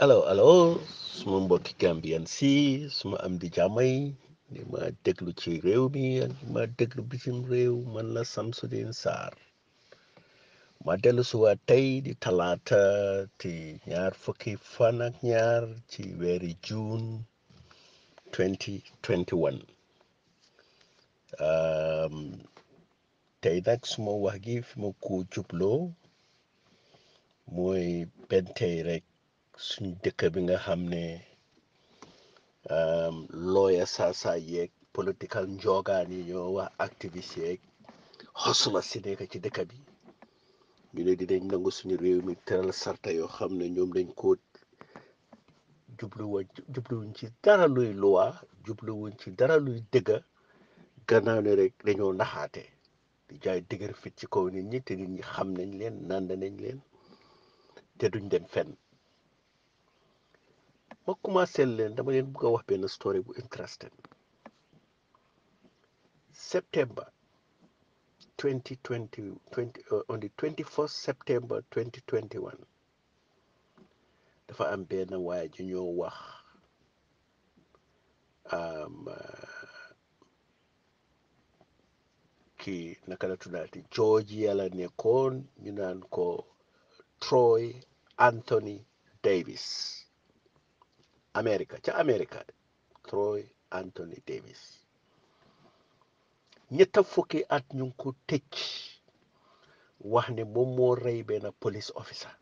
alo allo suma mbokki Gambien si suma am di jàmmay ni ma déglu ci réew mi ak ma déglu bitim réew man la Samsudeen Sarr ma dellu suwa tey di talaata ti ñaar fukki fan ak ñaar ci weeri juun 2021 tey nag suma wax gi fi ma ko jubloo mooy bentey rek suñ dëkk bi nga xam ne um, looya saasa yeeg political njoogaan yi ñoo wax activiste xosula si nekk ci dëkk bi ñu ne dañ nangu suñu réew mi teral sarta yoo xam ne ñoom dañ koo jubluwuñ ci dara luy luwa jubluwuñ ci dara luy dëgga gannaaw ne rek dañoo naxaate di jaay dëgër fit ci kaw nit ñi te nit ñi xam nañ leen nanda nañ leen te duñ dem fenn ma commencé leen dama leen bëgg a wax benn story bu interesting September 2020 20 uh, on the 21st September 2021 dafa am benn waaye ju ñoo wax um, uh, ki naka la tuddaati Georgia la nekkoon ñu naan ko Troy Anthony Davis. amerika ca Amérique Troy Anthony Davis ñetta fukki at ñu ngi ko tëj wax ne moom moo rey benn police officer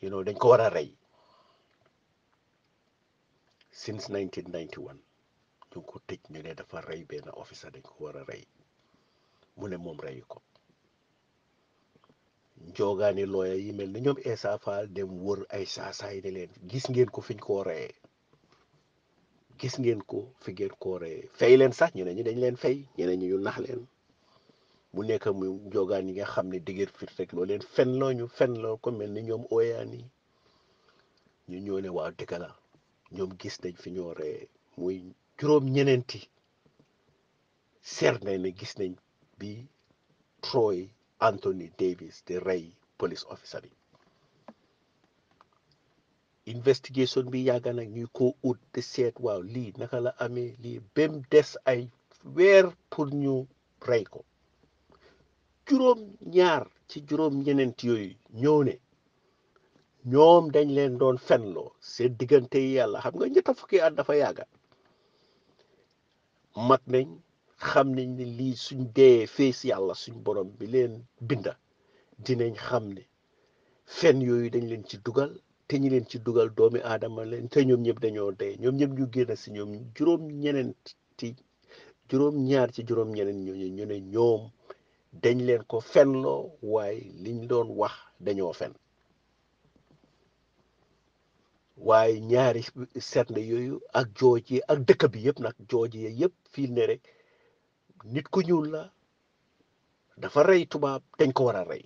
you know dañ ko war a rey since 1991 ñu ngi ko tëj ñu ne dafa rey benn officer dañ ko war a rey mu ne moom reyu ko njoogaani looya yi mel ni ñoom Essa Fall dem wër ay saasaay ne leen gis ngeen ko fiñ koo reyee gis ngeen ko fi ngeen fay leen sax ñu ne ñu dañ leen fay ñeneen ñu ñu nax leen mu nekk mu njoogaan yi nga xam ne digër fit rek leen fen loo ñu fen ko mel ni ñoom ooyaan yi ñu ñoo waaw dëgg ñoom gis nañ fi ñoo reyee muy juróom ñeneenti seer nañ ne gis nañ bi Troy Anthony Davis di rey police officer bi investigation bi yàgg nag ñuy ko ut di seet waaw lii naka la amee lii bém des ay weer pour ñu rey ko juróom ñaar ci juróom ñeneent yooyu ñëw ne ñoom dañ leen doon fenloo seen diggante yi yàlla xam nga ñett fukki at dafa yàgga mat nañ xam nañ ne lii suñ dee fees yàlla suñ borom bi leen binda dinañ xam ne fen yooyu dañ leen ci dugal te ñi leen ci dugal doomi aadama leen te ñoom ñëpp dañoo dee ñoom ñëpp ñu génn si ñoom juróom ñeneen ti juróom ñaar ci juróom ñeneen ñooñu ñu ne ñoom dañ leen ko fenloo waaye liñ doon wax dañoo fen waaye ñaari seetna yooyu ak jooj yi ak dëkk bi yëpp nag jooj yi yëpp fii ne rek nit ku ñuul la dafa rey tubaab dañ ko war a rey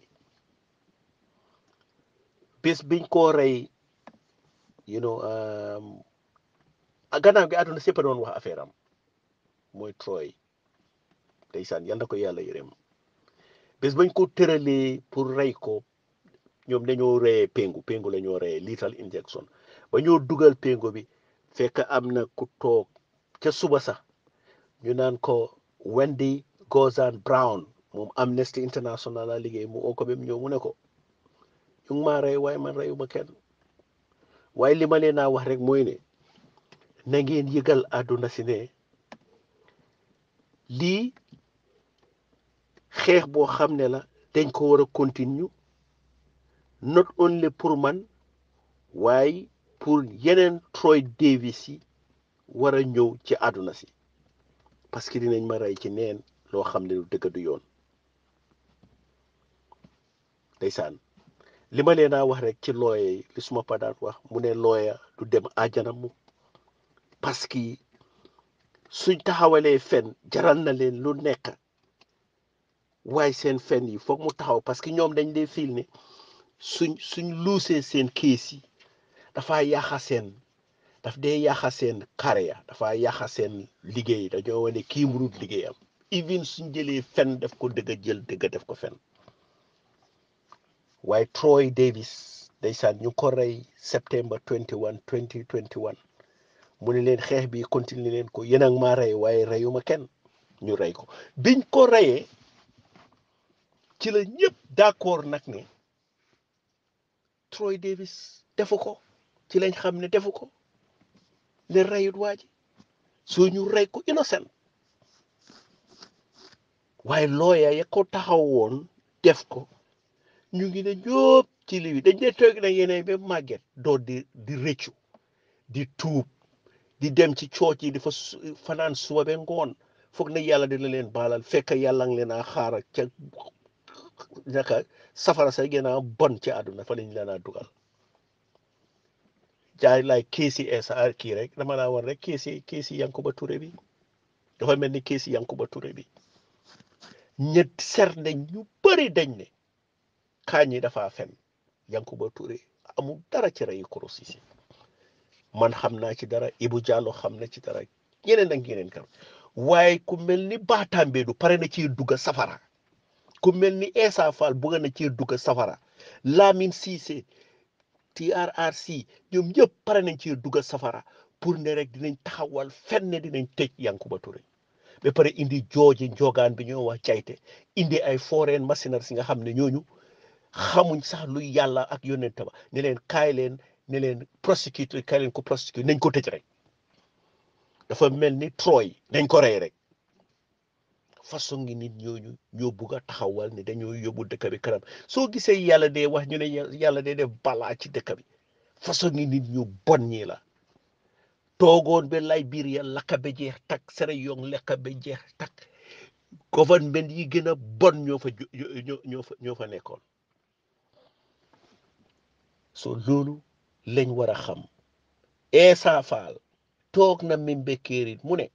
bés biñ koo rey you know um, gannaaw gi àdduna sépp doon wax affaire am mooy Troy ndeysaan yal na ko yàlla yërëm bés bañ ko tëralee pour rey ko ñoom dañoo reyee péngu péngu la ñoo reyee lethal injection ba ñoo dugal péngu bi fekk am na ku toog ca suba sax ñu naan ko wendy gozan brown mom amnesty international a liggéey mu oo ko ba mu ñëw mu ne ko ñu ngi maa rey waaye man reyuma kenn waaye li ma leen wax rek mooy ne na ngeen yëgal àdduna si ne lii xeex boo xam ne la dañ ko war continue not only pour man waaye pour Yenen Troy Davis yi war a ñëw ci àdduna si parce que dinañ ma rey ci neen loo xam ne lu dëgga du yoon ndeysaan li ma leen a wax rek ci looye yi li suma pa wax mu ne looya du dem àjjana mu parce que suñ taxawalee fen jaral na leen lu nekk waaye seen fen yi foog mu taxaw parce que ñoom dañ dee fiil ne suñ suñ luusee seen kees yi dafa yàqa seen daf dee yàqa seen carrière dafa yàqa seen liggéey dañoo wane kii mënut liggéeyam even suñ jëlee fen def ko dëgg jël dëgg def ko fen waaye Troy Davis ndeysaan ñu ko rey septembre 21 2021 mu ni leen xeex bi continuer leen ko yéen maa rey waaye reyu ma kenn ñu rey ko biñ ko reyee ci la ñëpp d'accord nag ne Troy Davis defu ko ci lañ xam ne defu ko ne reyut waa soo ñu rey ko innocent waaye looya ya ko taxaw woon def ko ñu ngi ne ñëpp ci lii dañ ne toog na yeneen ba màgget doo di di rëccu di tuub di dem ci cooc yi di fa fanaan suba ba ngoon foog ne yàlla dina leen baalal fekk yàlla nga leen a xaar ca naka safara sa gën a bon ci àdduna fa lañ leen a dugal jaay like Kcee SR kii rek dama laa war rek Kcee Kcee Yankuba Touré bi dafa mel ni Kcee Yankuba Touré bi ñett ser nañ ñu bëri dañ ne Kandji dafa fen Yankuba Touré amul dara ci reyu kurus yi man xam naa ci dara Ibou Diallo xam na ci dara ñeneen ak ñeneen kam waaye ku mel ni Batambe du pare na ci dugg safara ku mel ni Essa Fall bugg na ci dugg safara Lamine Cissé TRRC ñoom ñëpp pare nañ ci dugal safara pour ne rek dinañ taxawal fenn dinañ tëj Yankuba Touré ba pare indi jooji njogaan bi ñoo wax cayte indi ay foreign mercenaires si nga xam ne ñooñu xamuñ sax luy yàlla ak yonent ba ne leen kaay leen ne leen prosecutor kaay leen ko prosecute nañ ko tëj rek dafa mel ni Troy nañ ko rey rek façon ngi nit ñooñu ñoo bugg a taxawal ni dañoo yóbbu dëkk bi kanam soo gisee yàlla dee wax ñu ne yàlla dee def balaa ci dëkk bi façon ngi nit ñu bon ñi la toogoon ba Liberia lakka ba jeex tak sere yong lakka ba jeex tak gouvernement yi gën a bon ñoo fa ñoo fa ñoo soo loolu lañ war a xam Essa Faal toog na Mimbe Kérit mu ne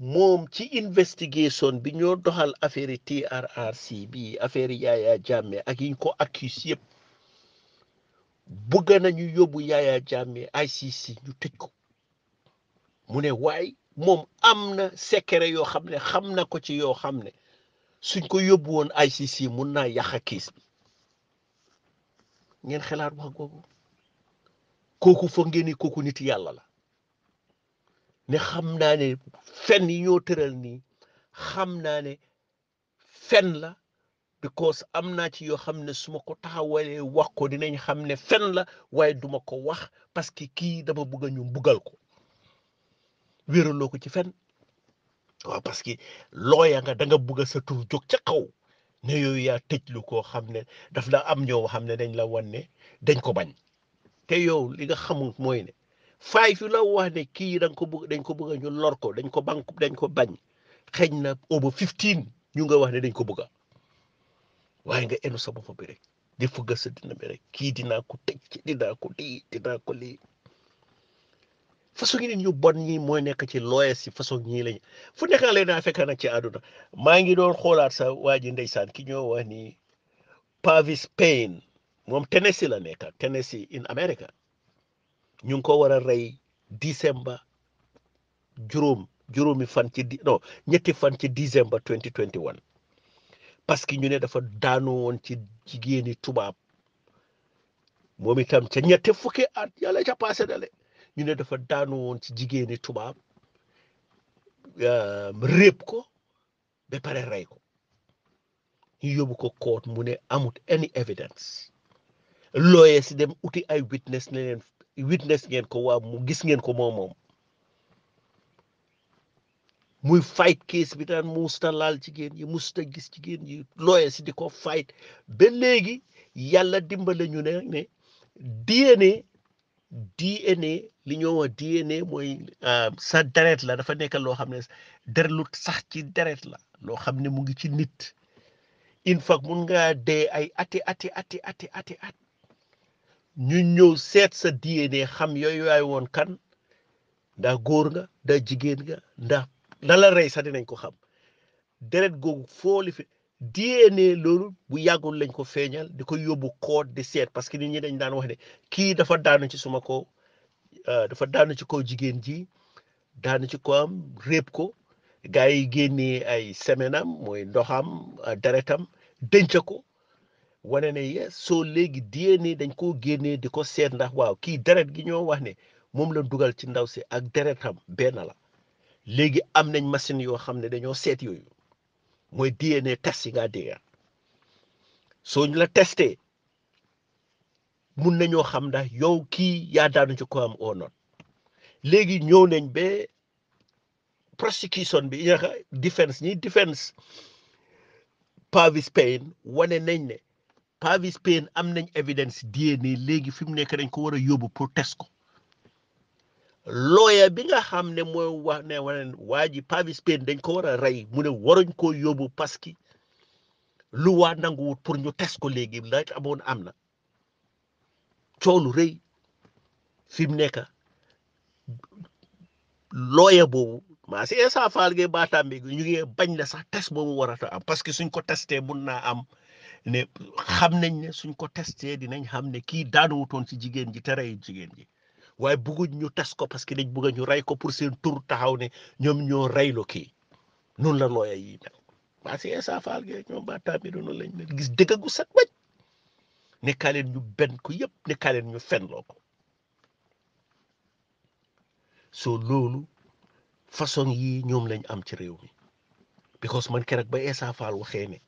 moom ci investigation bi ñoo doxal affaire yi TRRC bi affaire Yaya Jammeh ak yiñ ko accuse yëpp bëgg nañu yóbbu Yaya Jammeh ICC ñu tëj ko mu ne waaye moom am na sekere yoo xam ne xam na ko ci yoo xam ne suñ ko yóbbu woon ICC mun na yàq kiis bi ngeen xelaat wax googu kooku foog ngeen ni kooku nit yàlla la. ne xam naa ne fen yi ñoo tëral nii xam naa ne fen la because am naa ci yoo xam ne su ma ko taxawalee wax ko dinañ xam ne fen la waaye duma ko wax parce que kii dama bëgg ñu buggal ko wéraloo ko ci fen waaw parce que looya nga da nga bëgg sa tur jóg ca kaw ne yooyu yaa tëj lu koo xam ne daf la am ñoo xam ne dañ la wan ne dañ ko bañ te yow li nga xamul mooy ne faay fi la wax ne kii da nga ko bëgg dañ ko bëgg ñu lor ko dañ ko bank dañ ko bañ xëy na over fifteen ñu nga wax ne dañ ko bëgg waaye nga enu sa fa bi di fugga sa dina bi kii dina ko tëj dinaa ko lii ko lii façon yi nit ñu bon ñi mooy nekk ci looyes si façon ñii lañ fu nekkaa leen naa fekka nag ci àdduna maa ngi doon xoolaat sa waa ji ndeysaan ki ñoo wax ni Pavis Payne moom Tennessee la nekk Tennessee in America ñu ngi ko war a rey décembre juróom juróomi fan ci di non ñetti fan ci décembre 2021 parce que ñu ne dafa daanu woon ci jigéeni tubaab moom itam ca ñetti fukki at ñu ne dafa daanu woon ci jigéeni tubaab euh, réeb ko ba pare rey ko ñu yóbbu ko koot mu ne amut any evidence looyee si dem uti ay witness ne witness ngeen ko waa mu gis ngeen ko moom moom muy fight case bi daan musta laal jigéen yi musta gis jigéen yi looye si di ko fight ba léegi yàlla dimbale ñu ne ne DNA DNA li ñoo wax DNA mooy ah, sa deret la dafa nekk loo xam ne deret lu sax ci deret la loo xam ne mu ngi ci nit in fact mun ngaa dee ay ati ati ati ati ñu ñëw seet sa diine xam yooyu yaay woon kan ndax góor nga ndax jigéen nga ndax la la rey sax dinañ ko xam deret googu fooli fi diine loolu bu yàggul lañ ko feeñal di ko yóbbu koot di seet parce que nit ñi dañ daan wax ne kii dafa daanu ci suma ko euh, dafa daanu ci kaw jigéen ji daanu ci ko am réeb ko gars yi génnee ay semenam mooy ndoxam euh, deretam denc ko wane ne yes soo léegi DNA dañ koo génnee di ko seet ndax waaw kii deret gi ñoo wax ne moom la dugal ci ndaw si ak deretam benn la léegi am nañ machine yoo xam ne dañoo seet yooyu mooy DNA test yi ngaa soo ñu la teste mun nañoo xam ndax yow kii yaa daanu ci ko am oo noon léegi ñëw nañ ba prosecution bi ñaka défense ñi défense Pavis Payne wane nañ ne Pavis Paine am nañ évidence DNA léegi fi mu nekk dañ ko war a yóbbu pour test ko looya bi nga xam ne mooy wax ne wane waa ji Pavis dañ ko war a rey mu ne waruñ koo yóbbu parce que lu waa nanguwut pour ñu tes ko léegi la amoon am na coow lu rëy fi mu nekk looya boobu maa si Essa Faal ge baataam ñu ngi bañ na sax test boobu warata am parce que suñ ko testé mun naa am ne xam nañ ne suñ ko testé dinañ xam ne kii daanuwutoon ci jigéen ji te reyul jigéen ji waaye bugguñ ñu tes ko parce que dañ bëgg ñu rey ko pour seen tur taxaw ne ñoom ñoo reyloo kii noonu la looya yi mel waa si Essa Faal gi ñoom ba tamit noonu lañ mel gis dëgg gu set bëj nekkaa leen ñu benn ko yëpp nekkaa leen ñu fenloo ko soo loolu façon yii ñoom lañ am ci réew mi because man keroog ba Essa Faal waxee ne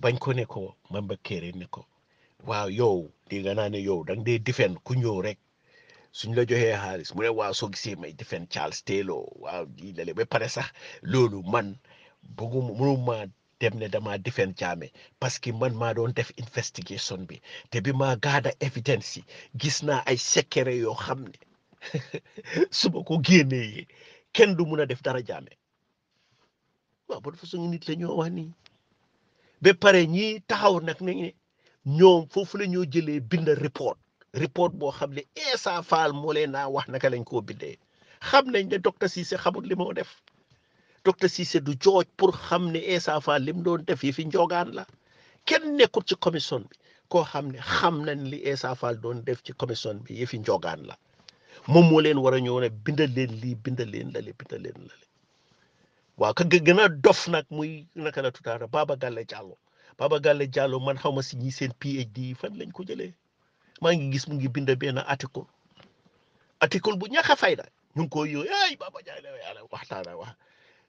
bañ ko ne ko Mamba Kéré ne ko waaw yow di naa ne yow da nga dee defend ku ñëw rek suñ la joxee xaalis mu ne waaw soo gisee may defend Charles Taylor waaw lii lale ba pare sax loolu man bëgguma ma dem ne dama difen Jammeh parce que man maa doon def investigation bi te bi ma gaada evidence yi gis naa ay secret yoo xam ne su ko génnee kenn du mun a def dara Jammeh waaw ba dafa suñu nit la ñoo wax nii ba pare ñii taxaw nag ne ñoom foofu la ñoo jëlee bind report report boo xam ne Essa Faal moo leen naa wax naka lañ koo bindee xam nañ ne docteur Cissé xamut li moo def docteur Cissé du jooj pour xam ne Essa Faal lim doon def yi fi njogaan la kenn nekkul ci commission bi koo xam ne xam nañ li Essa Faal doon def ci commission bi fi njogaan la moom moo leen war a ñëw ne bindal leen lii bindal leen lale bindal leen lale waaw ka gën a dof nag muy naka la tutaara Baba Galle Diallo Baba Galle Diallo man xaw ma si ñi seen PhD fan lañ ko jëlee maa ngi gis mu ngi bind benn article article bu ña a fayda ñu ngi koy yow ay Baba Galle yàlla waxtaana wax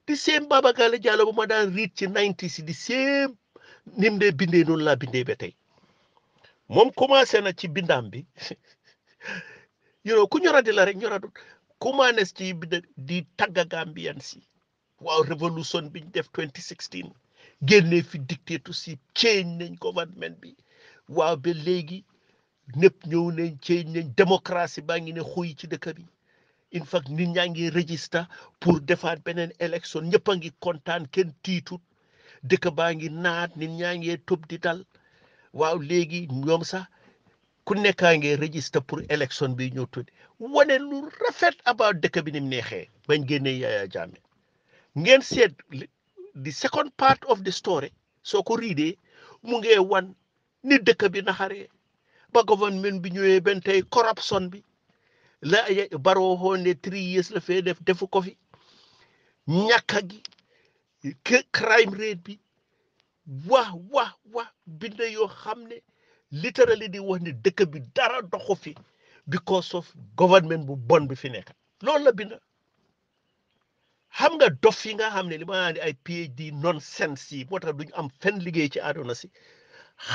di same Baba Galle Diallo bu ma daan riit ci 90 si di same ni dee bindee noonu laa bindee ba tey moom commencé na ci bindaam bi you ku ñoradi la rek ñoradul commencé ci bind di tagga Gambian si waaw révolution bi ñu def 2016 génnee fi dictatorship change nañ gouvernement bi waaw ba léegi ñëpp ñëw nañ change nañ démocratie baa ngi ne xuy ci dëkk bi in fact nit ñaa ngi register pour defaat beneen élection ñëpp a ngi kontaan kenn tiitut dëkk baa ngi naat nit ñaa ngi tëb di dal waaw léegi ñoom sax ku nekkaa ngi register pour élection bi ñëw tudd wane lu rafet about dëkk bi ni mu neexee bañ génnee Yaya Jammeh ngeen seet the second part of the story soo ko riidee mu ngee wan ni dëkk bi naxaree ba gouvernement bi ñëwee benn tey corruption bi la baroo ne three years la fee def defu ko fi ñàkka gi crime rate bi wax wax wax bind yoo xam ne literally di wax ne dëkk bi dara doxu fi because of government bu bon bi fi nekk loolu la bind xam nga dof yi nga xam ne li ma naan ay PhD nonsense si moo tax duñu am fen liggéey ci àdduna si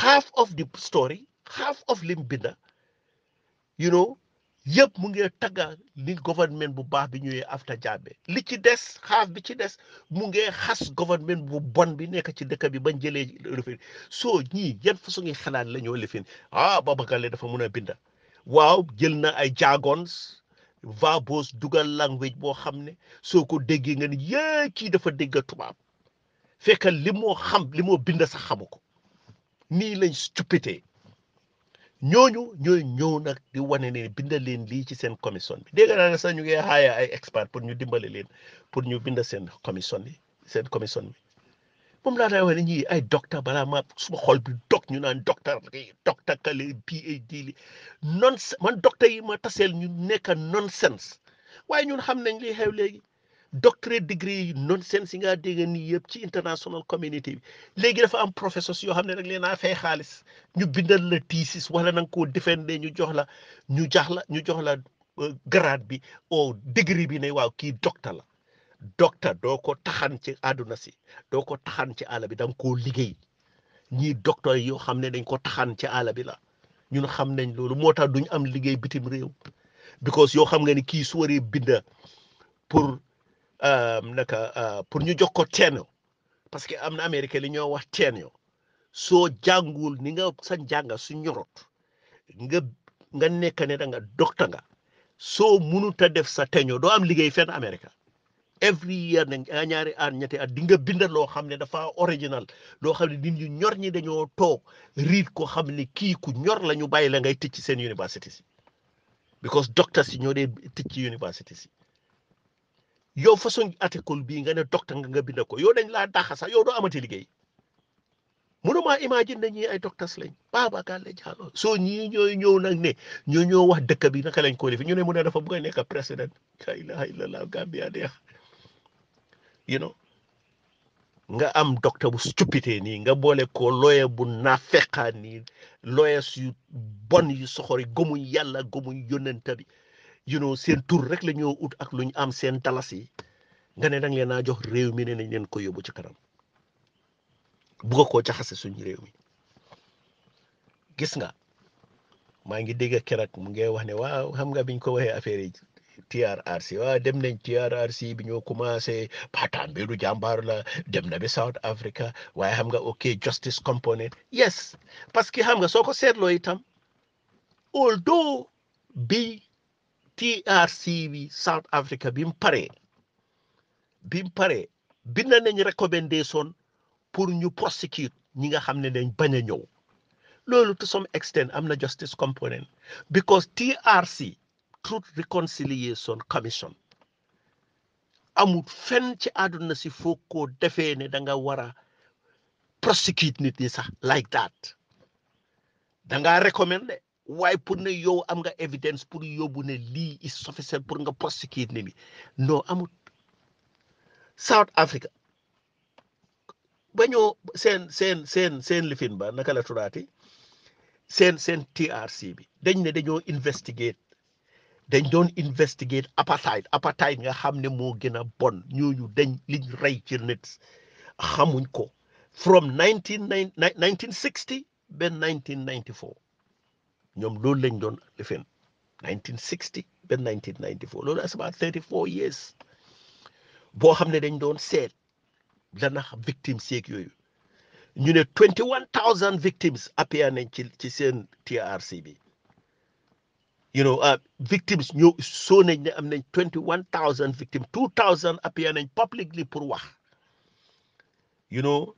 half of the story half of lim binda you know yëpp mu ngi tagga li gouvernement bu baax bi ñëwee afta jàbbe li ci des xaaf bi ci des mu ngi xas gouvernement bu bon bi nekk ci dëkk bi bañ jëlee lifin soo ñi yan façon ngi lañu la ñoo lifin ah Babacar le dafa mun a binda waaw jël na ay jargons verbose dugal language boo xam ne soo ko déggee nga ni yee kii dafa dégg tubaab fekkal li moo xam li moo bind sax xamu ko nii lañ stupité ñooñu ñooy ñëw nag di wane ne binda leen lii ci seen commission bi dégg naa ne sax ñu ngi xaaya ay expert pour ñu dimbale leen pour ñu bind seen commission bi seen commission bi moom laa day wax ne ñii ay docteur balaa ma suma xol bi ñu naan docteur kii docteur kale PhD li non man docteur yi ma taseel ñu nekk nonsense waaye ñun xam nañ li xew léegi doctorate degree yi nonsense yi nga dégg nii yëpp ci international community bi léegi dafa am professeurs yoo xam ne rek leen naa fay xaalis ñu bindal la thesis wala na ko koo défendre ñu jox la ñu jax la ñu jox la euh, grade bi oo degree bi ne waaw kii docteur la docteur doo ko taxan ci àdduna si doo ko taxan ci àll bi da ko liggéey. ñii docteur yoo xam ne dañ ko taxaan ci àll bi la ñun xam nañ loolu moo tax duñ am liggéey bitim réew because yoo xam nga ni kii su waree binda pour euh, naka euh, pour ñu jox ko teen parce que am na Amérique li ñoo wax teen yo soo jàngul ni nga sa njànga su ñorot nga nga nekk ne da nga docteur nga soo mënut a def sa teño doo am liggéey fenn Amérique every year ne ñaari at ñetti at di nga bind loo xam ne dafa original loo xam ne nit ñu ñor ñi dañoo toog riit ko xam ne kii ku ñor la ñu bàyyi la ngay tëj ci seen université si because doctors yi ñoo dee tëj ci université si yow façon article bii nga ne docteur nga nga bind ko yow dañ laa dàqa sax yow doo amati liggéey mënuma imagine ne ñii ay docteurs lañ Babacar la Jallow soo ñii ñooy ñëw nag ne ñoo ñoo wax dëkk bi naka lañ ko defee ñu ne mu ne dafa bëgg a nekk président la ilaha illallah Gambia deex you know nga am docteur bu stupide nii nga boole ko looyee bu naafeqaa nii looyes yu bon yu soxori gëmuñ yàlla gëmuñ yónnante bi you know seen tur rek la ut ak lu ñu am seen talasi yi nga ne da leen a jox réew mi ne nañ leen ko yóbbu ci kanam bugga koo jaxase suñu réew mi gis nga maa ngi dégg keroog mu ngi wax ne waaw xam nga biñ ko waxee affaire yi TRRC waaw ah, dem nañ TRRC bi ñoo commencé Patambedu jàmbaar la dem na bi South Africa waaye xam nga ok justice component yes parce que xam nga soo ko seetloo itam although bi TRC bi South Africa bi mu paree bi mu paree bind nañ recommendation pour ñu prosecute ñi nga xam ne dañ bañ a ñëw loolu to some extent am na justice component because TRC. Truth Reconciliation Commission amul fenn ci àdduna si foog koo ne da nga war prosecute nit ñi sax like that da ngaa recommandé waaye pour ne yow am nga evidence pour yóbbu ne lii is sufficient pour nga prosecute nit ñi non amul South Africa ba ñoo seen seen seen seen lifin ba naka la turaati seen seen TRC bi dañ ne dañoo investigate dañ doon investigate apartheid apartheid nga xam ne moo gën a bon ñooñu dañ liñ rey ci nit xamuñ ko from 1960 ba nineteen ninety four ñoom loolu lañ doon defeen nineteen sixty ba nineteen ninety four loolu that's about thirty four years boo xam ne dañ doon seet dana victime seeg yooyu ñu ne twenty one thousand victimes appear nañ ci ci seen TRC bi you know uh, victims ñoo soo nañ am nañ twenty one thousand victimes two thousand appear nañ publicly pour wax you know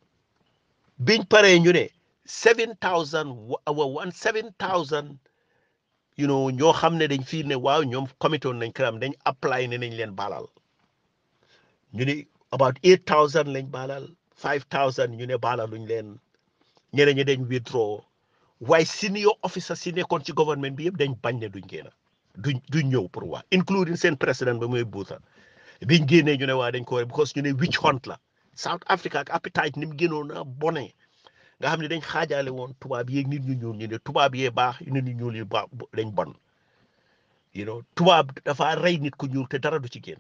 paree ñu ne seven thousand wa wan seven thousand you know ñoo xam ne dañ fiir ne waaw ñoom committoon nañ crime dañ apply ne nañ leen balal ñu ne about eight thousand lañ baalal five thousand ñu ne baalaluñ leen ñeneen ñi dañ withdraw waaye senior officers si nekkoon ci government bi yëpp dañ bañ ne duñ génn duñ duñ ñëw pour waa including seen président ba muy Buuta biñ génnee ñu ne waa dañ ko war because ñu ne witch hunt la South Africa ak appetite ni mu génnoon a bone nga xam ne dañ xaajaale woon tubaab yeeg nit ñu ñuul ñu ne tubaab yee baax nit ñu ñuul yi baax dañ bon you know dafa rey nit ku ñuul te dara du ci génn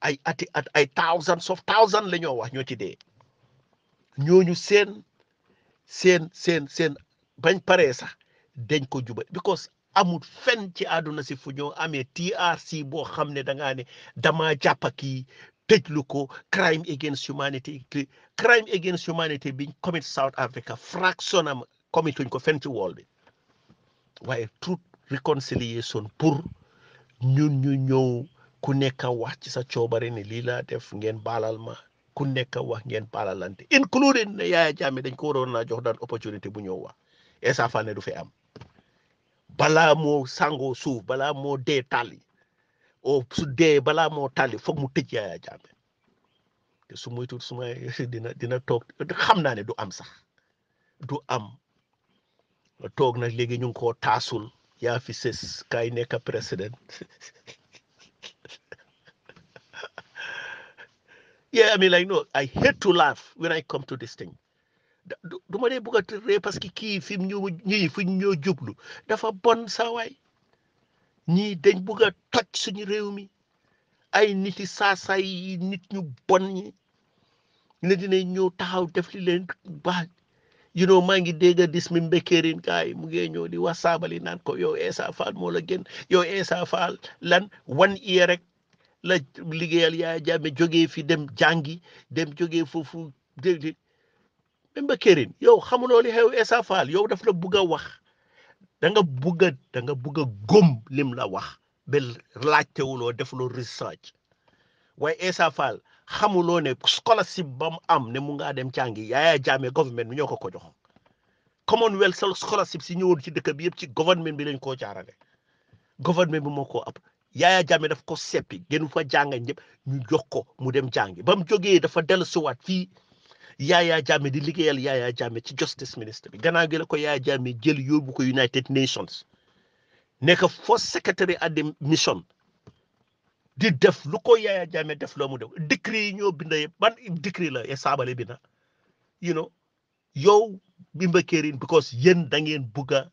ay ati at ay thousands of thousands la ñoo wax ñoo ci dee ñooñu seen seen seen seen bañ paree sax dañ ko juba because amul fen ci àdduna si fu ñoo amee si boo xam ne da ngaa ne damaa jàpp kii tëjlu ko crime against humanity crime against humanity biñ commit South Africa fraction am commit tuñ ko fenn ci wool bi waaye truth reconciliation pour ñun ñu ñëw ku nekk wax ci sa coobare lii laa def ngeen baalal ma ku nekk wax ngeen baalalante including ne Yaya Jammeh dañ ko waroon naa jox daan opportunité bu ñëw wax Essa Fall ne du fi am balaa moo sangoo suuf balaa moo dee tàlli o su dee balaa moo tàlli foog mu tëj Yaya Jammeh te su muy tuut su may dina dina toog xam naa ne du am sa. du am toog nag léegi ñu ngi koo taasul yaa fi sës kaay nekk président yeah I mean like no I hate to laugh when I come to this thing du ma dee bugg a parce que kii fi mu ñu ñii fi ñoo jublu dafa bon saawaay ñii dañ bugg a toj suñu réew mi ay niti yi saasaay yi nit ñu bon ñi ne dinañ ñëw taxaw def li leen baax you know maa ngi dégg dis mi mbékkeerin kaay mu ngee ñëw di wax saabali naan ko yow Essa Faal moo la yow Essa Faal lan wan iye rek la liggéeyal Yaya Jammeh jógee fi dem jàngi dem jógee foofu dégg même ba yow xamuloo li xew yow daf la bugg a wax da nga bugg a da nga bugg lim la wax ba laajtewuloo defuloo research waaye Essa Faal xamuloo ne scholarship ba mu am ne mu nga dem càngi Yaya Jammeh government bi ñoo ko ko jox Commonwealth sa scholarship si ñëwoon ci dëkk bi yëpp ci government bi lañ koo jaarale government bi moo koo ab Yaya Jammeh daf ko seppi gënu fa jànga ñëpp ñu jox ko mu dem jàngi ba mu jógee dafa dellusiwaat fii Yaya Jammeh di liggéeyal yaaya Jammeh ci justice ministre bi gannaaw gi la ko Yaya Jammeh jël yóbbu ko United Nations nekk first secretary at the mission di def lu ko Yaya Jammeh def loo mu def décret yi ñoo bind ban décret la et saabale bi na you know yow Bimba Kering because yéen da ngeen bugg a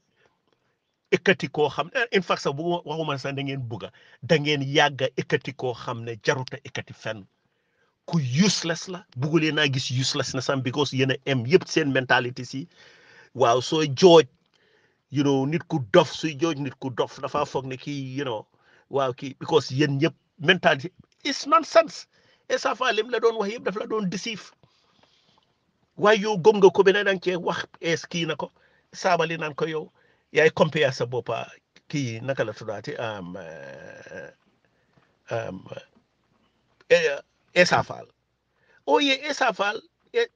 xam ne in fact sax bu waxuma sax da ngeen bugg a da ngeen yàgg koo xam ne jaruta ekkati fenn. ku useless la buggulee naa gis useless na sam because yéen a am yëpp seen mentalité si waaw soo jooj you know nit ku dof suy jooj nit ku dof dafa foog ne kii you know waaw kii because yéen ñëpp mentalité it's nonsense Essa Faye lim la doon wax yëpp daf la doon deceive waaye yow gëm nga ko beneen da nga wax es kii na ko saabali naan ko yow yaay compare sa boppa kii naka la tuddaati am eh, eh, eh, Esafal, Fall oye Esafal, Fall yere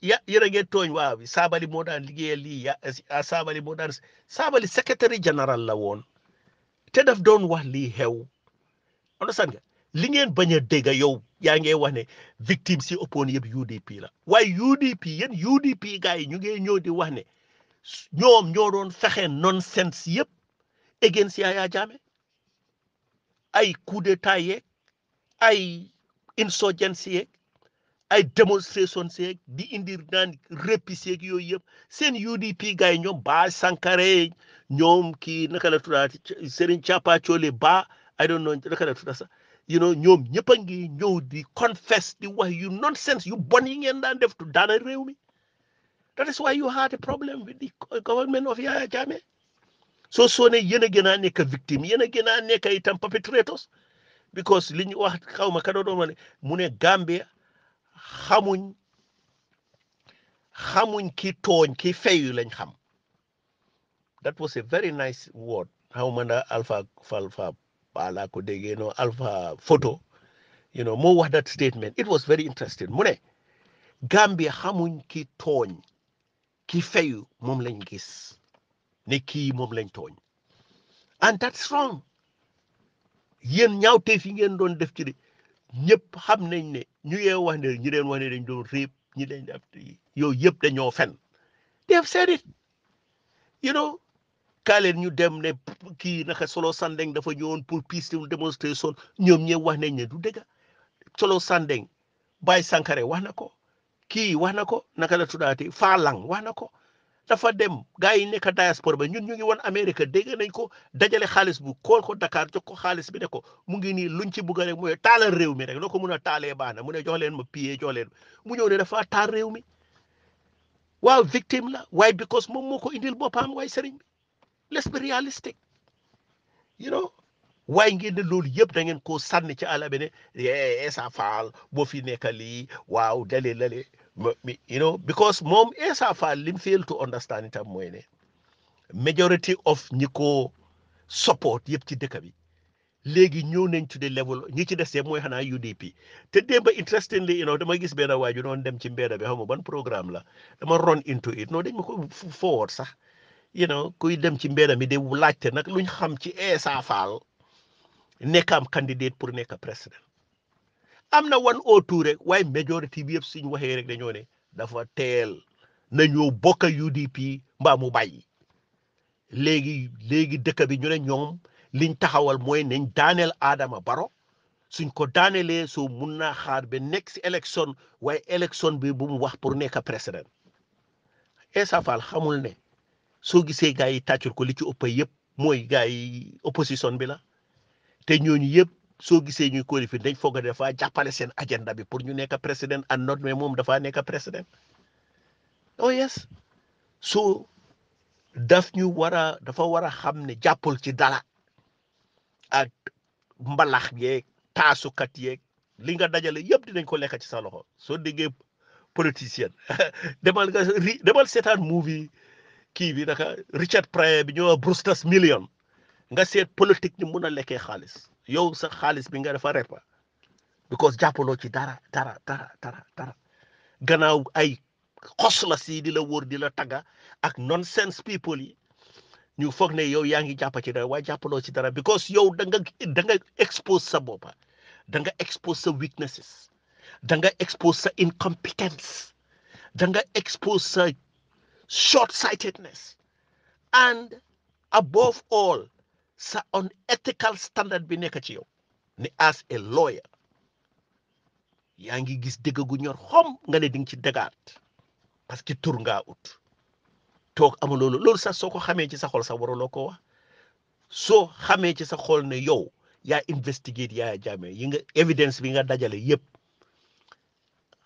eh, ngeen tooñ waa bi saabali moo daan liggéeyal lii ya saabali moo daan saabali secrétaire général la woon te daf doon wax lii xew understand nga li ngeen bañ a dégg yow yaa ngee wax ne victime si ëppoon yëpp UDP la waaye UDP yéen UDP gars yi ñu ngee ñëw di wax ne ñoom ñoo doon fexe nonsense yëpp against Yaya Jammeh ay coup d'état yeeg ay insurgency yeeg ay démonstration seeg di indi naan rëppi seeg yooyu yëpp seen UDP gars ñoom Ba Sankare ñoom kii naka la tuddaati Serigne Thiapa Thiolé Ba I don't know naka la tudda sax you know ñoom ñëpp a ngi ñëw di confess di wax yu nonsense yu bon yi ngeen daan def tu daana réew mi that is why you had a problem with the government of Yaya Jammeh soo soo ne yéen a gën a nekk victime yéen a gën a nekk itam perpetrators because li ñu wax xaw ma ka doon ma ne mu xamuñ xamuñ ki ki lañ xam that was a very nice word xaw na alpha falfa bala ko no alpha photo you know mo wax that statement it was very interesting Mune gambe Gambia xamuñ ki tooñ ki fayu lañ gis ne ki moom lañ and that's wrong yéen ñaawteef yi ngeen doon def ci de ñëpp xam nañ ne ñu yee wax ne ñu leen wax ne dañ doon réeb ñi leen def yooyu yëpp dañoo fen def seen you know kaaleen ñu dem ne kii naka solo sandeng dafa ñëwoon pour peace demonstration ñoom ñëpp wax nañ ne du dëgg solo sandeng Baye Sankare wax na ko kii wax na ko naka la tuddaate Faalang wax na ko dafa dem gars yi nekk diaspora ba ñun ñu ngi woon Amérique dégg nañ ko dajale xaalis bu ko Dakar jox ko xaalis bi ne ko mu ngi nii luñ ci bugg rek mooy taalal réew mi rek loo ko mun a taale baax na mu jox leen ma piyee jox leen mu ñëw ne dafa taal réew mi waaw victime la waaye because moom moo ko indil boppam waaye sëriñ bi let's be realistic you know waaye ngeen ne loolu yëpp da ngeen koo sànni ci àll bi ne eh, eh, boo fi nekka lii waaw dalee lale you know because mom is fa lim fail to understand it majority of Nico support yep DeKabi. Legi ñëw name to the level ñi the same way Hana UDP Today, but interestingly you know dama gis benn waay You know, them ci mbedd bi programme la dama run into it No, they ma forward sax you know kuy dem ci mbedd mi de laajte nag luñ xam ci Essa Faal nekkam candidate pour nekk président am na wan autour rek waaye majorité bi yëpp suñu waxee rek dañoo ne dafa teel nañoo bokk UDP mbaa mu bàyyi léegi léegi dëkk bi ñu ne ñoom liñ taxawal mooy nañ daaneel Adama Baro suñ ko daanelee soo mun naa xaar ba nekk si élection waaye élection bi bu mu wax pour nekk président Essa Faal xamul ne soo gisee gars yi tàccul ko li ci ëpp yëpp mooy gars yi opposition bi la te ñooñu yëpp. soo gisee ñuy qualifié dañ foog a dafa jàppale seen agenda bi pour ñu nekk président and not mais moom dafaa nekk président oh yes so daf ñu war a dafa war a xam ne jàppul ci dara ak mbalax yeeg taasukat yeeg li nga dajale yëpp dinañ ko lekk ci sa loxo soo déggee politicien demal nga demal movie kii bi naka Richard Pryor bi ñëw Brewster's Million nga seet politique ni mun a lekkee xaalis yow sa xaalis bi nga defa repa because jàppaloo ci dara dara dara dara dara gannaaw ay xos la si di la wóor di la tagga ak nonsense people yi ñu foog ne yow yaa ngi jàppa ci dara waaye jàppaloo ci dara because yow da nga da nga expose sa boppa da nga expose sa weaknesses da nga expose sa incompetence da nga expose sa short sightedness and above all sa unethical standard bi nekk ci yow ne as a lawyer yaa ngi gis dëgg gu ñor xom nga ne di nga ci dëggaat parce que tur nga ut toog amul lool loolu sax soo ko xamee ci sa xol sax waruloo ko wax soo xamee ci sa xol ne yow yaa investigate yaa jaame yi nga évidence bi nga dajale yépp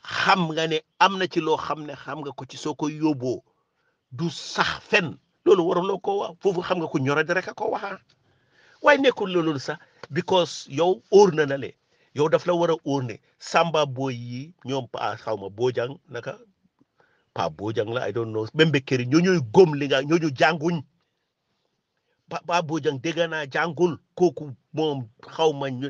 xam nga ne am na ci loo xam ne xam nga ko ci soo ko yóbboo du sax fen loolu waruloo ko wax foofu xam nga ko ñoradi rek a ko waxaa waaye nekkul la sax because yow óor na na le yow daf la war a óor ne samba booy yi ñoom pa xaw ma boojang naka pa boojang la I don't know membe këri ñoo ñooy góom li nga ñoo ñu jànguñ pa pa boojang dégg naa jàngul kooku moom xaw ma ñu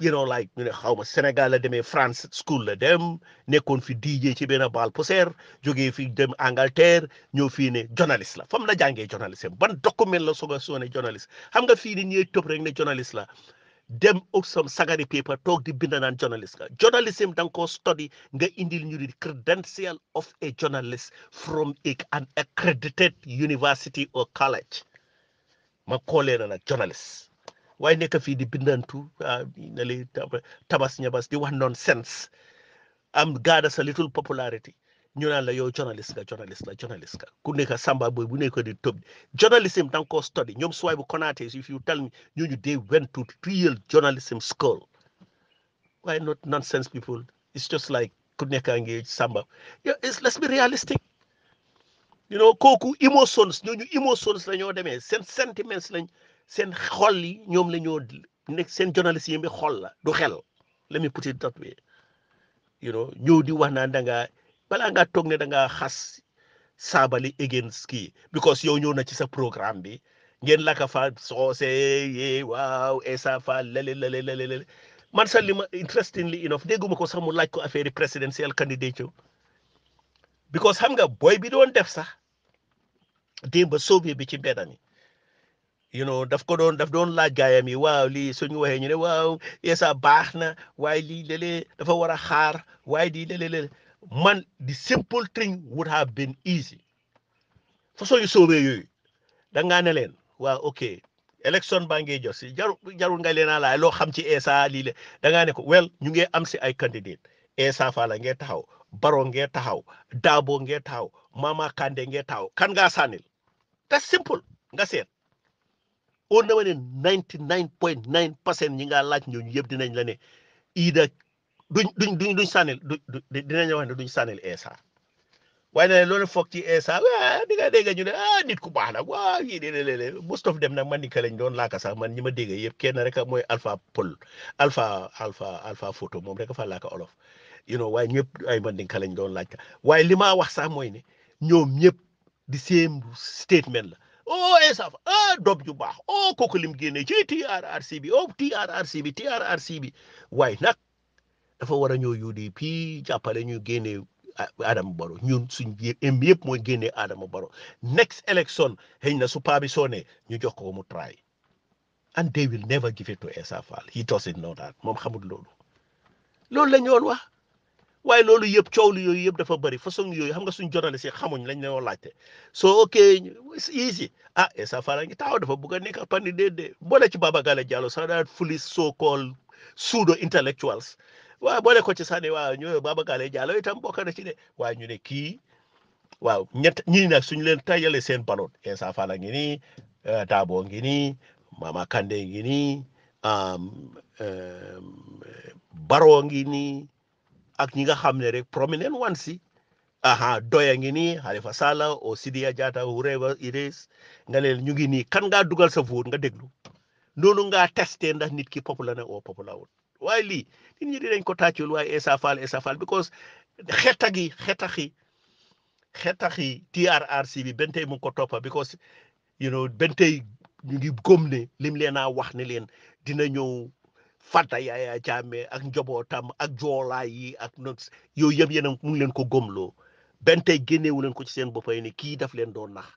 you know like you know, how ma Sénégal them demee France school la dem nekkoon fi DJ ci benn baal pousser jógee fi dem Angleterre ñëw fi ne journaliste la fam la jange journaliste ban document la soog a soo ne journaliste xam nga fii ni ñuy top rek ne journaliste la dem some sagari paper talk di bind naan journaliste la journalism da nga study nga indil ñu di credential of a journalist from an accredited university or college ma koolee na nag journaliste waaye nekk fii di bindantu ah, na lay tabas ñabas di wax non sense am gaada sa little popularity ñu naan la yow journalist nga journalist la journalist nga ku nekk samba boy bu nekk di tëb journalism da nga koo study ñoom suwaay bu konaatee if you tell me ñooñu they went to real journalism school why not nonsense people it's just like ku nekk a ngi samba let's be realistic you know kooku emotions ñooñu emotions la ñoo demee seen sentiments lañ sen xol yi ñom la ñoo nek sen journaliste yi xol la du xel la muy petit tot bi you know ñoo di wax naan da nga bala nga tok ne da nga xass sabali against because yow ñoo na ci sa programme bi ngeen laka fa soose ye waaw esa fa le le le le man sax interestingly enough dégguma ko sax mu laaj ko affaire presidential candidature because xam nga boy bi doon def sax demba sauvé bi ci you know daf ko doon daf doon laaj gaayam yi waaw lii suñu waxee ñu ne waaw Essa baax na waaye lii léeg dafa war a xaar waaye lii léeg man di simple thing would have been easy façon yu soobee yooyu da ngaa ne leen waaw ok élection baa ngi jox si jarul jarul nga leen la laaj loo xam ci Essa lii la da ne ko well ñu ngi am si ay candidate Essa Fala ngee taxaw Barrow ngee taxaw Darboe ngee taxaw Mama Kandeh ngee taxaw kan ngaa sànnil that's simple nga seet. xool na ma ne ninety nine point nine percent ñi laaj ñooñu yëpp dinañ la ne Ida duñ duñ duñ duñ sànnil du dinañ la wax ne duñ sànnil na waaye nag foog ci ESA waaw di nga dégg ñu ne ah nit ku baax nag waaw yii de léeg-léeg most of dem nag man ni ka lañ doon laaka sax man ñi ma dégg yëpp kenn rek mooy alpha pol alpha alpha alpha photo moom rek fa laaka olof you know waaye ñëpp ay di ka lañ doon laaj waaye li ma wax sax mooy ne ñoom ñëpp statement la. o oh, esaf eh, a ah, dob ju baax o oh, kooku lim génnee ci TRRC bi o oh, TRRC bi TRRC bi waaye nag dafa war a ñëw UDP jàppale ñu génnee ah, Adama Barrow ñun suñ m yëpp mooy génnee Adama Barrow next election xëy na su paa bi ñu jox ko mu try and they will never give it to Essa Faal he doesn't know that moom xamul loolu loolu la ñu doon wax waaye loolu yëpp coow lu yooyu yëpp dafa bëri façon yooyu xam nga suñ journaliste yi xamuñ lañ leen laajte soo ok easy ah esa Faal a ngi taxaw dafa bëgg a pandi dede. dee boole ci Baba Gale Diallo sax daal foolish so called pseudo intellectuals waaw boole ko ci sànni waaw ñu Baba Gale Diallo itam bokk na ci de waaye ñu ne kii waaw ñett ñii nag suñu leen tayalee seen baloon Essa Faal ngi nii euh, Daabo ngi nii Mama Kande ngi nii euh, Baro ngi nii. ak ñi nga xam ne rek prominent one si aha doya ngi nii Halifa sala o Sidiya Jatta whoever it is nga leen ñu ngi nii kan ngaa dugal sa vote nga déglu noonu ngaa testé ndax nit ki populaire na oo populaire wul waaye lii nit ñi dinañ ko tàccul waaye esa Faal esa Faal because xeta gi xeta xi xeta xi TRRC bi ben tey mu ko toppa because you know ben tey ñu ngi gëm ne lim leen wax ne leen dina ñëw fàtta yaaya jaame ak njobootam ak joolaa yi ak no yooyu yëpp yéen mu ngi leen ko góomloo benn tey génneewu leen ko ci seen boppay ne kii daf leen doon nax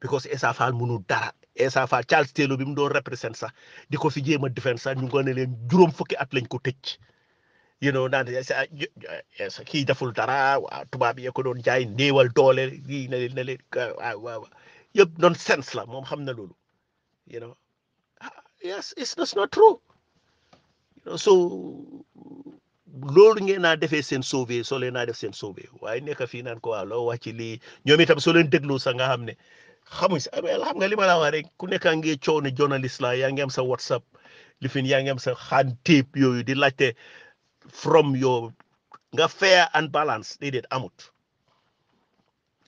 because Essa Faal mënul dara Essa Faal Charles Taylor bi mu doon represent sax di ko fi jéem a defend sax ñu leen juróom fukki at lañ ko tëj you know naan ah, kii deful dara waaw tubaab yi ko doon jaay néewal doole lii na leen na leen waaw waaw non sense la moom xam na loolu you know ah, yes it's not true so loolu ngeen naa defee seen sauvé soo leen naa def seen sauvé waaye nekk fii naan ko waaw loo wax ci lii ñoom itam soo leen déglu sax nga am ne xamuñ si xam nga li ma la wax rek ku nekk a ngi coow ne journaliste la yaa ngi sa whatsapp li fi yaa ngi sa hand tape yooyu di laajte from yo nga fair and balance déedéet amut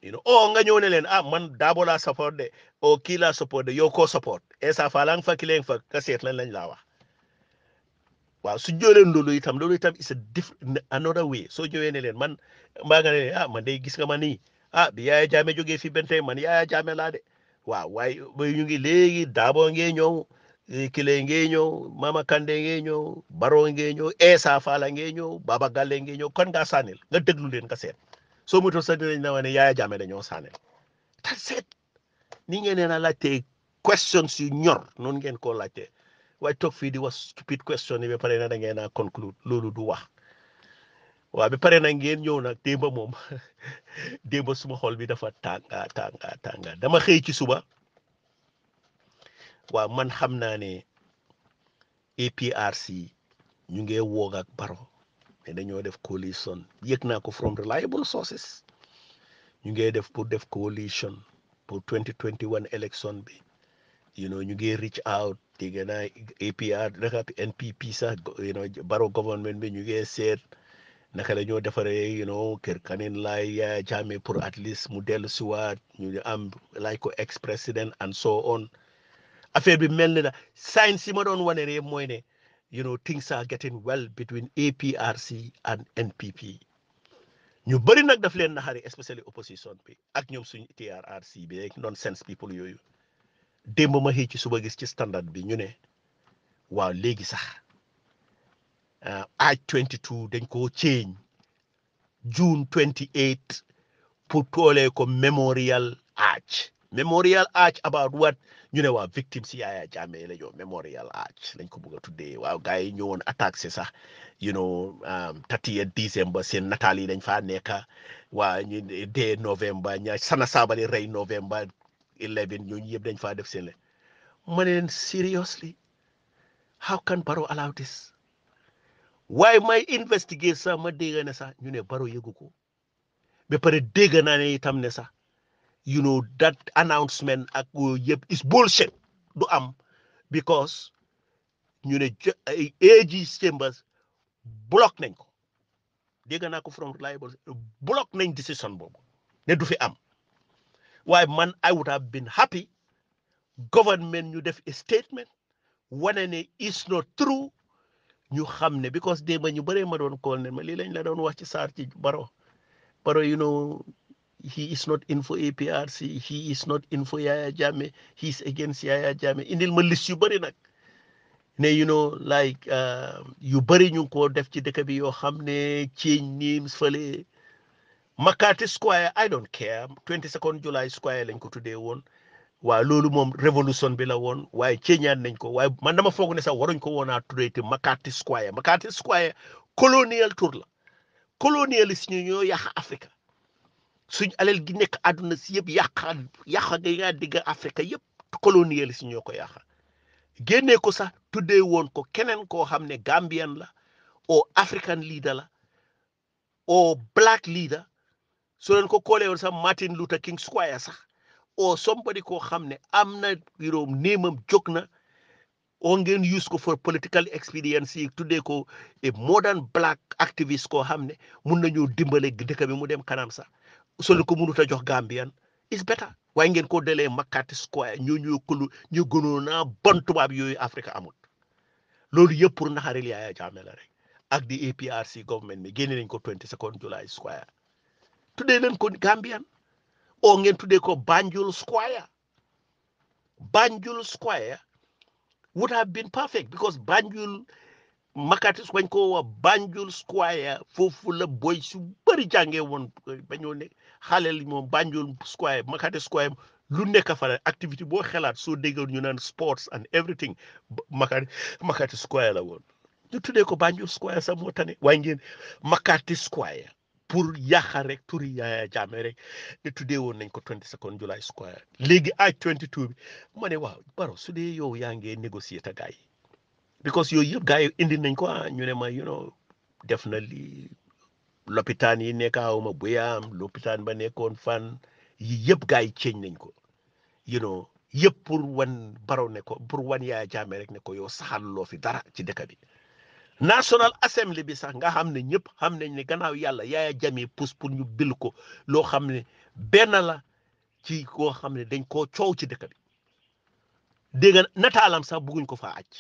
you know oh nga ñëw ne leen ah man Darboe laa support de oh kii laa support de yow koo support Essa eh, Faal a ngi fa kii fa ka seet lan lañ laa wax waaw su jëlee loolu itam loolu itam is a different another way soo ñëwee ne leen man maa nga ne ah, man day gis nga ma nii ah bi Yaya Jammeh jógee fii benn man Yaya Jammeh laa de waaw waaye ñu ngi léegi Daaboo ngee ñëw eh, Kile ngee ñëw Mama Kande ngee ñëw Baro ngee ñëw Essa Faala ngee ñëw Baba Galle ngee ñëw kon ngaa sànnil nga déglu leen nga seet soo moytu sax dinañ na wane Yaya Jammeh dañoo sànnil ta seet ni ngeen nee na laajtee questions yu ñor noonu ngeen koo laajtee waaye toog fii di was stupid question yi ba pare na da ngeen a conclude loolu du wax waaw ba pare na ngeen ñëw nag démba moom démba suma xol bi dafa tànga tànga tànga dama xëy ci suba waa man xam naa ne APRC ñu ngi woog ak Baro ne dañoo def coalition yëg naa ko from reliable sources ñu ngi def pour def coalition pour 2021 election bi you know ñu ngi reach out tigana APR naka NPP sax you know baro government bi ñu ngi seet naka la ñoo defaree you know kër kanin laay yaaya jaame pour at least mu dellu siwaat ñu am like ex president and so on affaire bi mel ni la sign si ma doon wane ree mooy ne you know things are getting well between APRC and NPP ñu bëri nag daf leen naxari especially opposition bi ak ñoom suñ TRRC bi rek nonsense people yooyu démb ma xëy ci suba gis ci standard bi ñu ne waaw léegi sax euh, age 22 dañ koo change June 28 pour toolee ko memorial age memorial age about what ñu ne waa victime si Yaya Jammeh la ñoo memorial age lañ ko bëgg a tuddee waaw gars yi ñëwoon attaque si sax you know um, thirtieth décembre seen nataal yi dañ faa nekk waa ñu dee novembre ña Sana Sabally rey novembre eleven ñooñu yëpp dañ faa def seen le ma ne leen seriously how can Barrow allow this waaye may investigate sax ma dégg ne sax ñu ne Barrow yëgu ko ba pare dégg naa ne itam ne sax you know that announcement ak yëpp is bullshit du am because ñu ne AG Chambers block nañ ko dégg naa ko from reliable block nañ décision boobu ne du fi am Why man I would have been happy government ñu def statement When any is not true ñu xam because démba ñu bëree ma doon kool ne ma lii lañ la doon wax ci saar ci baro baro you know he is not in for APRC he is not in for Yaya Jammeh he is against Yaya Jammeh indil ma liste yu bëri nak ne you know like uh, yu bury ñu ngi ko def ci dëkk bi change names fële McCarthy Square I don't care 22nd July Square lañ ko tuddee woon waa loolu moom révolution bi la woon waaye ceeñaan nañ ko waaye man ma foog ne sax waruñ ko woon a tuddee te McCarthy Square McCarthy Square colonial tour la colonialiste ñu ñoo yàq Africa suñ alal gi nekk àdduna si yëpp yàqa yàqa nga ngaa digg Africa yëpp colonialiste ñoo ko yàqa génne ko sax tuddee woon ko keneen koo xam ne Gambian la o African liida la o black leader su leen ko koolee woon sax Martin Luther King Square sax o oh, somebody koo xam ne am na juróom néemam jóg na o ngeen use ko for political expedience yi tuddee ko a modern black activist koo xam ne mun nañoo dimbale dëkk bi mu dem kanam sax su leen ko mënut a jox Gambian is better waaye ngeen ko delee makat Square ñoo ñoo kulu ñu gënoon naa bon yooyu Afrique amul loolu yëpp pour naxaril Yaya Jammeh la rek ak di APRC government mi génne nañ ko 22 July Square Today in Gambia, Gambian today called Banjul Square Banjul Square would have been perfect because Banjul Makatis when called Banjul Square full full of boys who very jange one Banjul Hallelujah xale li moom Banjul Square Makatis Square lu nekk fa activity activité boo xalaat soo ñu sports and everything Makati Makati Square la woon ñu ko Banjul Square sax moo tane waaye ngeen Makati Square pour yàqal rek turi Yaya euh, Jammeh rek te tuddee woon nañ ko 22nd July Square léegi ay 22 bi ma ne waaw Barrow su yow yaa ngi négocier te gars yi because yooyu yëpp gars indi nañ ko ah ñu ne ma you know def na lii lopitaan yi nekkaawuma ah, buyaam lopitaan ba nekkoon fan yi yëpp gars yi ceeñ nañ ko you know yëpp pour wan Barrow ne ko pour wan Yaya Jammeh rek ne ko yow saxal loo fi dara ci dëkk bi. national assembly bi sax nga xam ne ñëpp xam nañ ne gannaaw yàlla yaay jamee pus pour ñu bil ko loo xam ne benn la ci koo xam ne dañ koo coow ci dëkk bi dégg nga nataalam sax bugguñ ko faa acc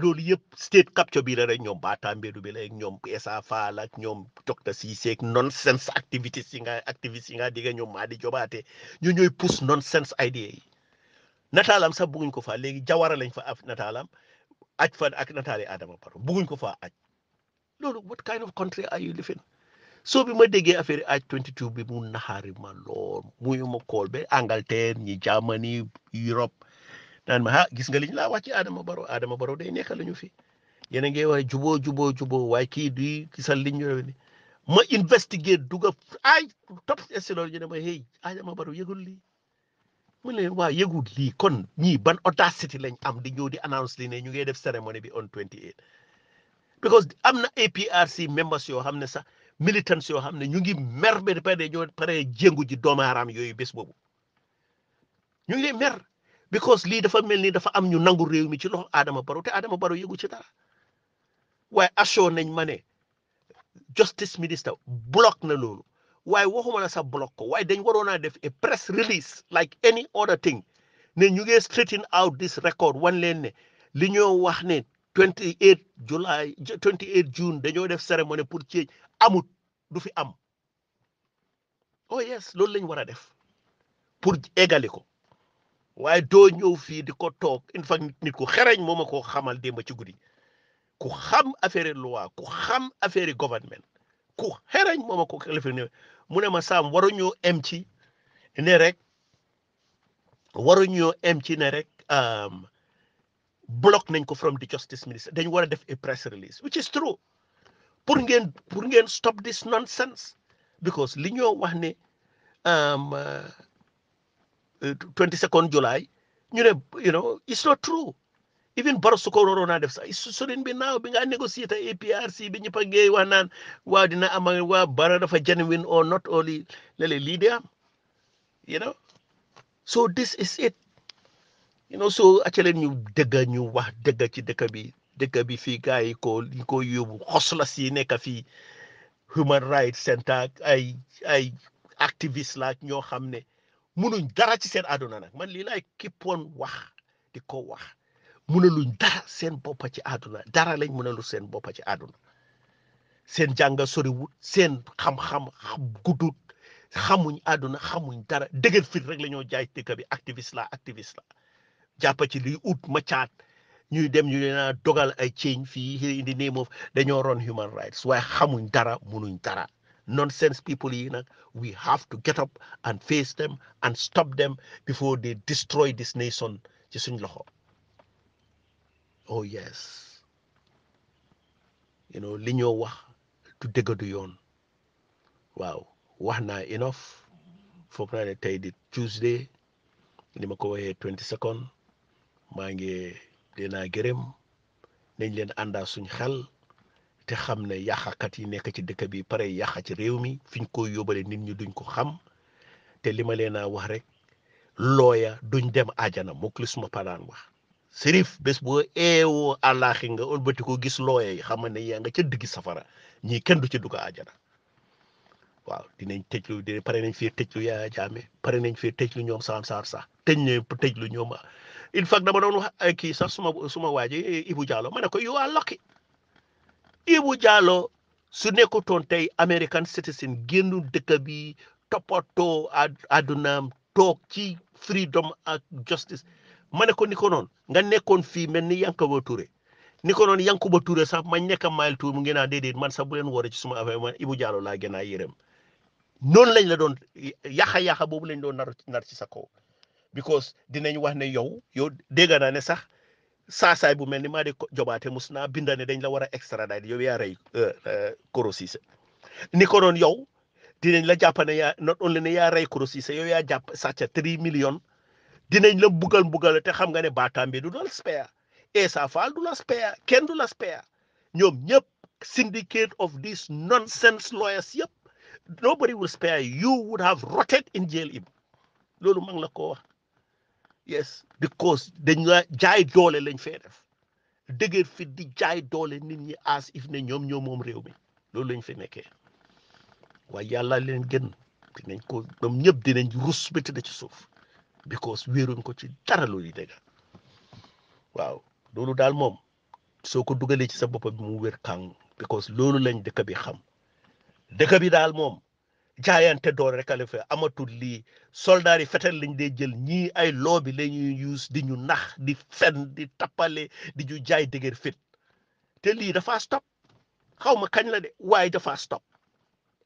loolu yëpp state capture bi la rek ñoom Batambedu bi la ñoom Essa Faal ak ñoom Docteur Cissé ak nonsense activités yi nga activistes yi nga dégg ñoom maa di jobaate ñu ñooy pousse nonsense idée yi nataalam sax bugguñ ko faa léegi jawara lañ fa af nataalam aj fa ak nataali Adama Barrow bugguñ ko faa aj loolu what kind of country are you living soo bi ma déggee affaire aj 22 bi mu naxaari ma lool muyu ma kool ba Angleterre ñi Germany Europe naan ma ah gis nga liñ laa wax ci Adama Barrow Adama Barrow day nekk la fi yéen a ngi wax juboo juboo juboo waaye kii du ma investigate duga ay topp si loolu ma hey Adama Barrow yëgul mu ne waa yëgul lii kon ñii ban audacity lañ am di ñëw di announce li ne ñu ngi def cérémonie bi on 28 because am na APRC members yoo xam ne sax militants yoo xam ne ñu ngi mer ba pare ñoo pare jéngu ji doomu aaraam yooyu bés boobu ñu ngi mer because lii dafa mel ni dafa am ñu nangu réew mi ci loxo Adama Barrow te Adama Barrow yëgu ci dara waaye assure nañ ma ne justice minister block na loolu. Why waaye waxuma la sa block Why waaye dañ waroon a def a press release like any other thing ne ñu ngi straighten out this record wan leen ne li ñoo wax ne 28 July 28 June dañoo def ceremony pour change amut du fi am oh yes loolu lañ war a def pour eggali ko do doo ñëw fii di ko toog in fact nit ku xereñ moo ma koo xamal démb ci guddi ku xam affaire loi ku xam affaire gouvernement ku xereñ mooma ku kalifiné mu ne ma saam waruñu em ci ne rek waruñu em ci ne rek um, block nañ ko from the justice minister dañ war a def a press release which is true pour ngeen pour ngeen stop this nonsense because li ñoo wax ne 22nd um, uh, July you know you know it's not true even su ko rorona def sa sudin bi naw bi nga negotiate APRC bi ñepp geey wa nan wa dina am wa bar dafa genuine or not only lele li you know so this is it you know so actually ñu dega ñu wax dega ci dëkk bi dëkk bi fi gaay ko ñu ko yobu xosla si nekk fi human rights center ay ay activist la ñoo xamne ne munuñ dara ci seen aduna nak man lii laay kippoon wax di ko wax mënaluñ dara seen bopp ci dara lañ mënalu seen bopp ci àdduna seen jànga soriwut seen xam-xam guddut xamuñ aduna xamuñ dara dëgër fit rek la ñoo jaay dëkk bi activiste la activiste la jàpp ci ut macaat ñuy dem ñu leen a dogal ay change fii in the name of dañoo ron human rights waaye xamuñ dara munuñ dara nonsense people yi nag we have to get up and face them and stop them before they destroy this nation ci suñ loxo. oh yes you know li ñoo wax du dëgg du yoon waaw wax naa enough foog naa ne tey di Tuesday li ma ko waxee twenty second maa ngi dinaa gërëm nañ leen àndaa suñ xel te xam ne yàqakat yi nekk ci dëkk bi pare yàqa ci réew mi fiñ ko yóbbale nit ñi duñ ko xam te li ma leen a wax rek looya duñ dem ajana mukk li suma padaan wax sérif bés boo eewoo àllaaxi nga ëlbati gis loo yi xam ne yaa nga ca digg safara ñii kenn du ci dugg àjjana waaw dinañ tëj lu dinañ pare nañ fii tëj lu Yaya nañ fii tëj lu ñoom Sam Sarr sax tëj nañ tëj lu ñoom in fact dama doon wax eh, kii sax suma suma waa ji eh, Ibou ma ne ko you are lucky Ibou Diallo su nekkutoon tey American citizen génnu dëkk bi toppatoo àddunaam toog ci freedom ak justice ma ne ko ni ko noonu nga nekkoon fii mel ni Yankuba Touré ni ko noonu Yankuba Touré sax ma nekk a maayal mu ngi naan déedéet man sax bu leen wooree ci suma affaire man Ibou Diallo laa gën a yërëm noonu lañ la doon yaxa yaxa boobu lañ doon nar nar ci sa kaw because dinañ wax ne yow yow dégg naa ne sax saasaay bu mel ni maa di jobaate mus naa binda ne dañ la war a extradite yow yaa rey euh, euh, Koro Ceesay ni ko noonu yow dinañ la jàpp ne yaa not only ne yaa rey Koro Ceesay yow yaa jàpp sacca 3 millions. dinañ la bugal bugal te xam nga ne Batambi du doon spare Essa Fall du la spare kenn du la spare ñoom ñëpp syndicate of these nonsense lawyers yep, nobody will spare you would have rotted in jail im loolu mang la ko wax yes because dañ la jaay doole lañ fee def dëgër fi di jaay doole nit ñi as if ne ñoom ñoo moom réew mi loolu lañ fi nekkee waaye yàlla leen gën dinañ ko ñoom ñëpp dinañ rus ba ci suuf because wéeruñ ko ci dara luy dëgg waaw loolu daal moom soo ko dugalee ci sa boppa bi mu wér kàng because loolu lañ dëkk bi xam dëkk bi daal moom jaayante door rek ale fa amatul lii soldaari yi fetel lañ dee jël ñii ay loobi la ñuy use di ñu nax di fen di tappale di ju jaay dëgër fit te lii dafa stop xaw ma kañ la de waaye dafa stop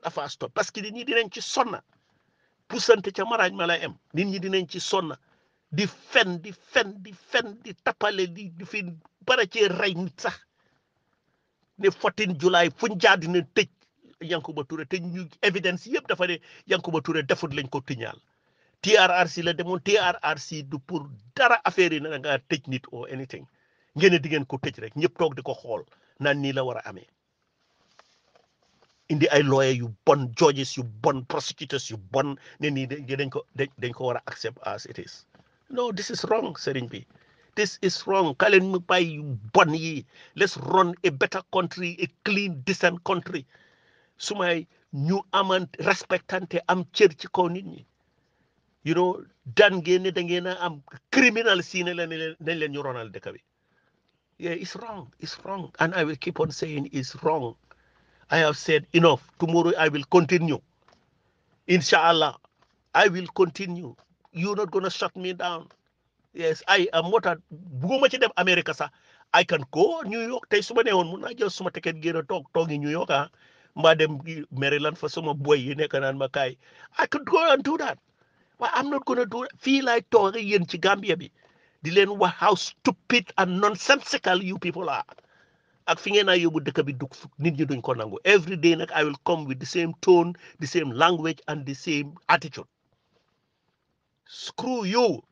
dafa stop parce que nit ñi dinañ ci sonna puusante ca maraaj ma lay am nit ñi dinañ ci sonn di fen di fen di fen di di fi bara rey nit sax ne fourteen July fuñ jaar dina tëj Yankuba Touré te ñu évidence yëpp dafa ne Yankuba Touré defut lañ ko tiñaal TRRC la demoon TRRC du pour dara affaire yi na nga nit o anything ngeen di ngeen ko tëj rek ñëpp toog di ko xool naan nii la war a amee the ay lawyer you burn judges you burn prosecutors you bon ne nii dañ accept as it is no this is wrong sëriñ this is wrong kaleen mu bàyyi yu bon let's run a better country a clean decent country So my new aman respectante am cër ci ñi you know daan ngeen ne da ngeen i am criminal si ne leen nañ leen ñu ronal dëkk yeah it's wrong it's wrong and I will keep on saying it's wrong I have said enough. Tomorrow I will continue. Inshallah, I will continue. You're not going to shut me down. Yes, I am what a buguma ci dem America sir. I can go New York tey su ma newoon mun naa jël suma ticket génn talk toog New York ah dem Maryland for suma boy yi nekk naan ma I could go and do that. Why I'm not going to do that. Feel like toog yéen ci bi di how stupid and nonsensical you people are ak fi ngeen a yóbbu dëkk bi du nit ñi duñ ko nangu every day nag I will come with the same tone the same language and the same attitude screw you